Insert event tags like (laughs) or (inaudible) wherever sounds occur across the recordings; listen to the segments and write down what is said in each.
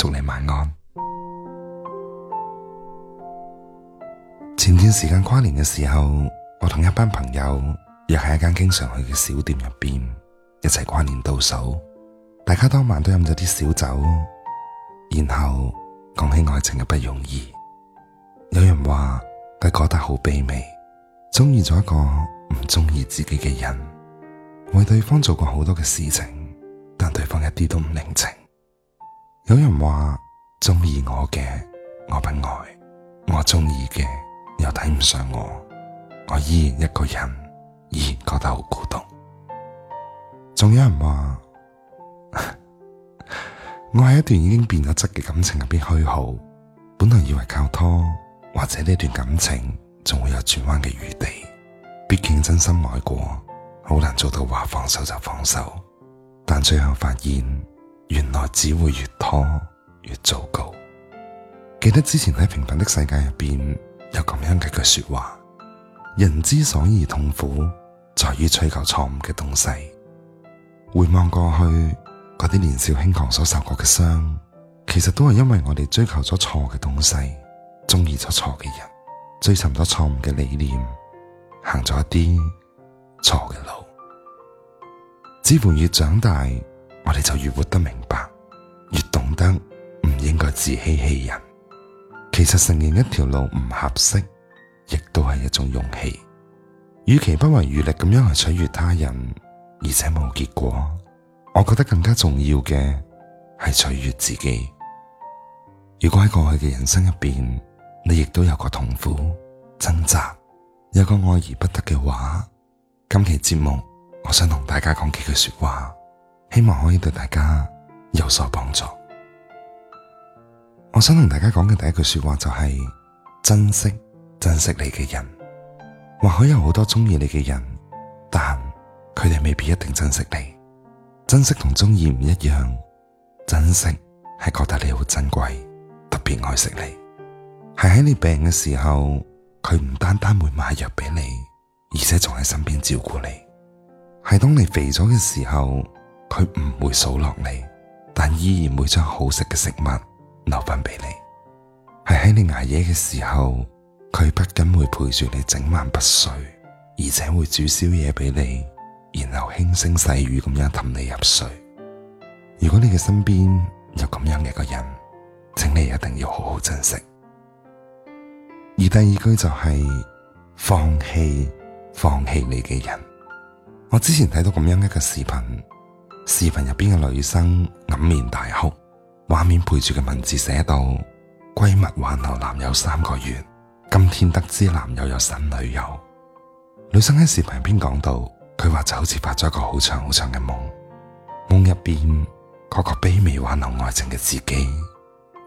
祝你晚安。前段時間跨年嘅時候，我同一班朋友又喺一間經常去嘅小店入邊一齊跨年倒數，大家當晚都飲咗啲小酒，然後講起愛情嘅不容易。有人話佢覺得好卑微，中意咗一個唔中意自己嘅人，為對方做過好多嘅事情，但對方一啲都唔領情。有人話，中意我嘅，我不愛，我中意嘅，又睇唔上我，我依然一個人，依然覺得好孤獨。仲有人話 (laughs) 我喺一段已經變咗質嘅感情入邊虛耗，本來以為靠拖或者呢段感情仲會有轉彎嘅餘地，畢竟真心愛過，好難做到話放手就放手，但最後發現。原來只會越拖越糟糕。記得之前喺平凡的世界入邊有咁樣嘅句說話：人之所以痛苦，在於追求錯誤嘅東西。回望過去，嗰啲年少輕狂所受過嘅傷，其實都係因為我哋追求咗錯嘅東西，中意咗錯嘅人，追尋咗錯誤嘅理念，行咗一啲錯嘅路。似乎越長大，我哋就越活得明白，越懂得唔應該自欺欺人。其實承認一條路唔合適，亦都係一種勇氣。與其不遺餘力咁樣去取悅他人，而且冇結果，我覺得更加重要嘅係取悅自己。如果喺過去嘅人生入邊，你亦都有個痛苦掙扎，有個愛而不得嘅話，今期節目我想同大家講幾句說話。希望可以對大家有所幫助。我想同大家講嘅第一句說話就係珍惜，珍惜你嘅人，或許有好多中意你嘅人，但佢哋未必一定珍惜你。珍惜同中意唔一樣，珍惜係覺得你好珍貴，特別愛惜你。係喺你病嘅時候，佢唔單單會買藥俾你，而且仲喺身邊照顧你。係當你肥咗嘅時候。佢唔會數落你，但依然會將好食嘅食物留翻俾你。係喺你挨夜嘅時候，佢不僅會陪住你整晚不睡，而且會煮宵夜俾你，然後輕聲細語咁樣氹你入睡。如果你嘅身邊有咁樣嘅一個人，請你一定要好好珍惜。而第二句就係放棄，放棄你嘅人。我之前睇到咁樣一個視頻。視頻入邊嘅女生掩面大哭，畫面配住嘅文字寫到：閨蜜挽留男友三個月，今天得知男友有新女友。女生喺視頻入邊講到，佢話就好似發咗一個好長好長嘅夢，夢入邊嗰個卑微挽留愛情嘅自己，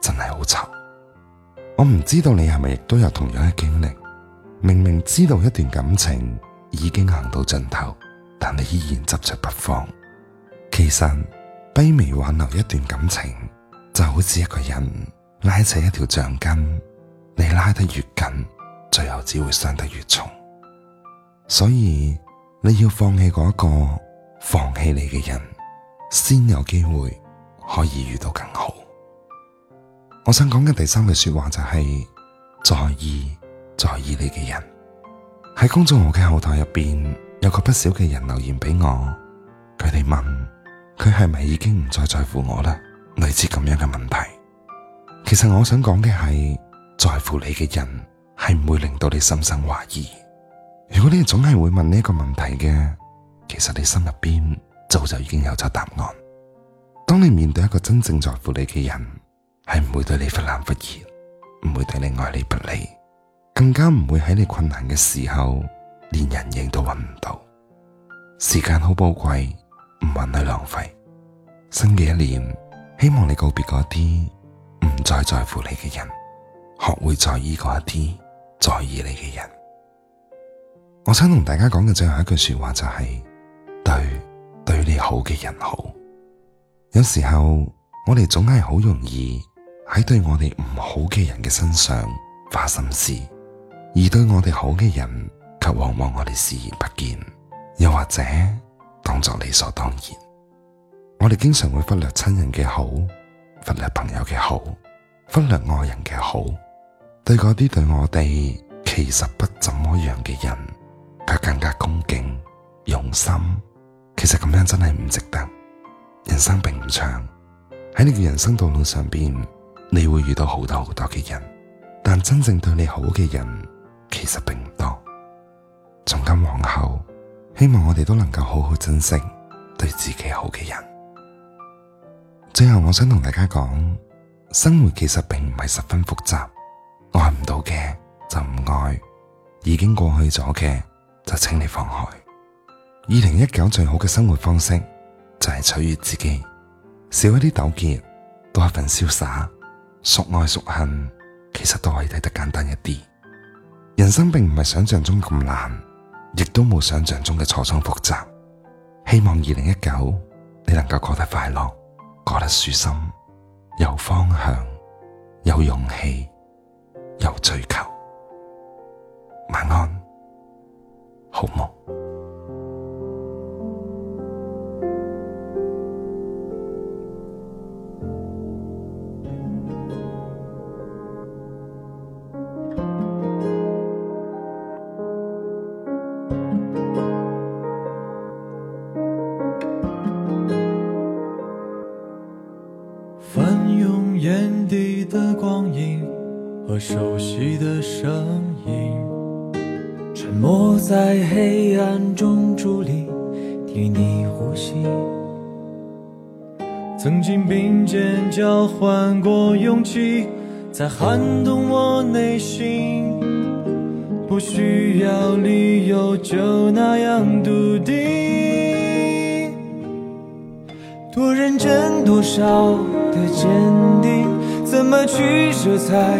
真係好醜。我唔知道你係咪亦都有同樣嘅經歷，明明知道一段感情已經行到盡頭，但你依然執著不放。其實，卑微挽留一段感情，就好似一個人拉扯一條橡筋，你拉得越緊，最後只會傷得越重。所以，你要放棄嗰個放棄你嘅人，先有機會可以遇到更好。我想講嘅第三句說話就係，在意在意你嘅人。喺公眾號嘅後台入邊，有個不少嘅人留言俾我，佢哋問。佢係咪已經唔再在乎我啦？類似咁樣嘅問題，其實我想講嘅係在乎你嘅人係唔會令到你心生懷疑。如果你總係會問呢個問題嘅，其實你心入邊早就已經有咗答案。當你面對一個真正在乎你嘅人，係唔會對你忽冷忽熱，唔會對你愛理不理，更加唔會喺你困難嘅時候連人影都揾唔到。時間好寶貴。唔允許浪費。新嘅一年，希望你告別嗰啲唔再在乎你嘅人，學會在意嗰一啲在意你嘅人。我想同大家講嘅最後一句說話就係：對對你好嘅人好。有時候我哋總係好容易喺對我哋唔好嘅人嘅身上花心思，而對我哋好嘅人卻往往我哋視而不見，又或者。當作理所當然，我哋經常會忽略親人嘅好，忽略朋友嘅好，忽略愛人嘅好，對嗰啲對我哋其實不怎麼樣嘅人，卻更加恭敬用心。其實咁樣真係唔值得。人生並唔長，喺你嘅人生道路上邊，你會遇到好多好多嘅人，但真正對你好嘅人其實並唔多。從今往後。希望我哋都能夠好好珍惜對自己好嘅人。最後，我想同大家講，生活其實並唔係十分複雜，愛唔到嘅就唔愛，已經過去咗嘅就請你放開。二零一九最好嘅生活方式就係取悅自己，少一啲糾結，多一份瀟灑。熟愛熟恨，其實都可以睇得簡單一啲。人生並唔係想象中咁難。亦都冇想象中嘅錯綜複雜，希望二零一九你能夠過得快樂，過得舒心，有方向，有勇氣，有追求。晚安，好夢。的聲音，沉默在黑暗中佇立，替你呼吸。曾經並肩交換過勇氣，才撼動我內心。不需要理由，就那樣篤定。多認真，多少的堅定，怎麼取捨才？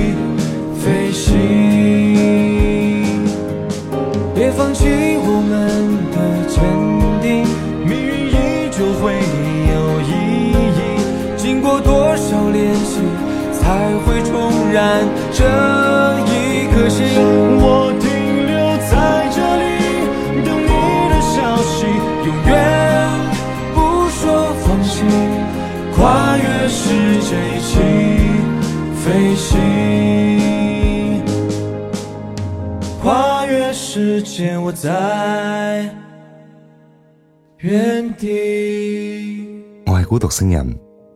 有多少練習才會重燃這一顆心？我停留在這裏等你的消息，永遠不說放棄，跨越時間一起飛行，跨越時間我在原地。我係孤獨星人。